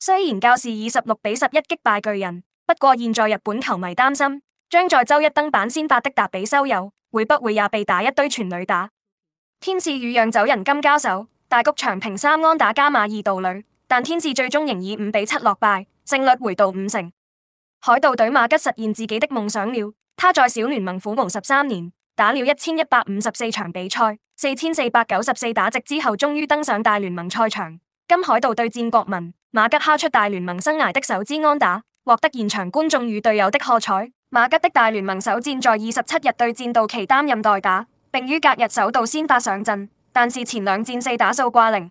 雖然教士以十六比十一擊敗巨人，不過現在日本球迷擔心，將在周一登板先發的達比修有會不會也被打一堆全壘打？天使與釀酒人金交手，大谷翔平三安打加馬二盜壘，但天使最終仍以五比七落敗，勝率回到五成。海盜隊馬吉實現自己的夢想了，他在小聯盟苦熬十三年，打了一千一百五十四場比賽，四千四百九十四打席之後，終於登上大聯盟賽場。今海盜對戰國民，馬吉敲出大聯盟生涯的首支安打，獲得現場觀眾與隊友的喝彩。馬吉的大聯盟首戰在二十七日對戰道奇擔任代打，並於隔日首度先發上陣，但是前兩戰四打數掛零。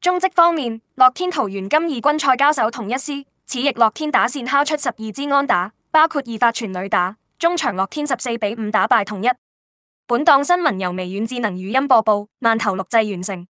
中職方面，樂天桃園今二軍賽交手統一獅，此役樂天打線敲出十二支安打，包括二發全壘打，中場樂天十四比五打敗統一。本檔新聞由微軟智能語音播報，慢投錄製完成。